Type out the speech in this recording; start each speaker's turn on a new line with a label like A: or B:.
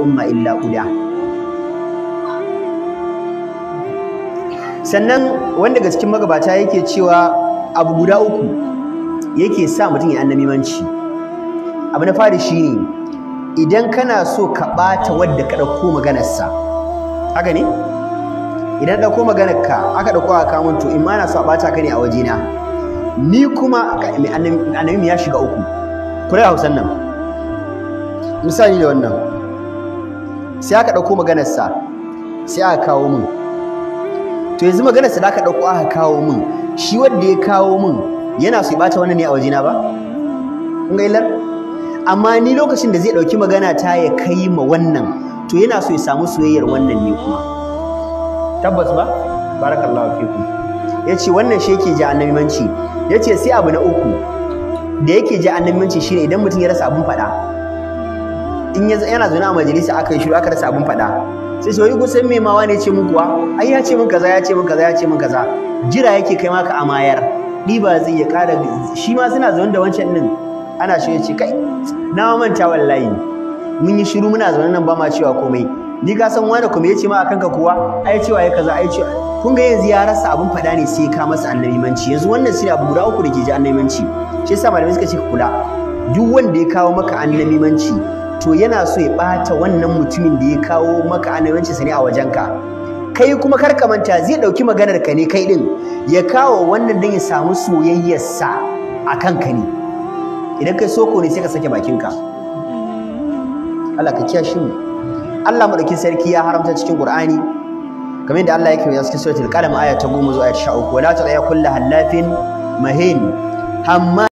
A: umma illa guda sannan wanda daga cikin magabata yake cewa abu guda uku yake sa mutum ya annabimanci abu na fari shine idan kana so ka bata wadda ka ɗauko maganarsa haka ne idan ɗauko maganarka aka ɗauko a kamun to in ma na so a ɓata ka ne a wajena ni kuma annabi ya shiga uku kula hausan nan misali da wannan sai aka ɗauko maganarsa sai aka kawo min to yanzu maganarsa da aka ɗauko aka kawo min shi wanda ya kawo min yana su ɓata wannan ne a wajena ba kun ga illar amma ni lokacin da zai ɗauki magana ta ya kai ma wannan to yana so ya samu soyayyar wannan ne kuma tabbas ba barakallahu fikum yace wannan shi yake ji annabimanci yace sai abu na uku da yake ji annabimanci shine idan mutum ya rasa abun faɗa in yana zaune a majalisa aka yi shiru aka rasa abin faɗa sai sai ku san me ma wane ce mun kuwa ai ya ce mun kaza ya ce mun kaza ya ce mun kaza jira yake kai maka amayar ɗiba zai ya ƙara shi ma suna zaune da wancan nan. ana shi ya ce kai na manta wallahi mun yi shiru muna zaune nan ba ma cewa komai ni ka san wani kuma ya ce ma akan ka kuwa ai cewa ya kaza ai cewa kun ga yanzu ya rasa abin faɗa ne sai ka masa annabimanci yanzu wannan shine abu guda uku da ke ji annabimanci shi yasa malamai suka ce ka kula duk wanda ya kawo maka annabimanci to yana so ya ɓata wannan mutumin da ya kawo maka annabincinsa ne a wajenka kai kuma kar ka manta zai ɗauki maganar ka ne kai ɗin ya kawo wannan din ya samu soyayyarsa a kanka ne idan kai soko ne sai ka sake bakinka Allah ka kiyashe mu Allah sarki ya haramta cikin Qur'ani kamar yadda Allah yake cikin suratul qalam aya ta 10 zuwa aya ta 13 wala ta'ya kullu halafin mahin hamma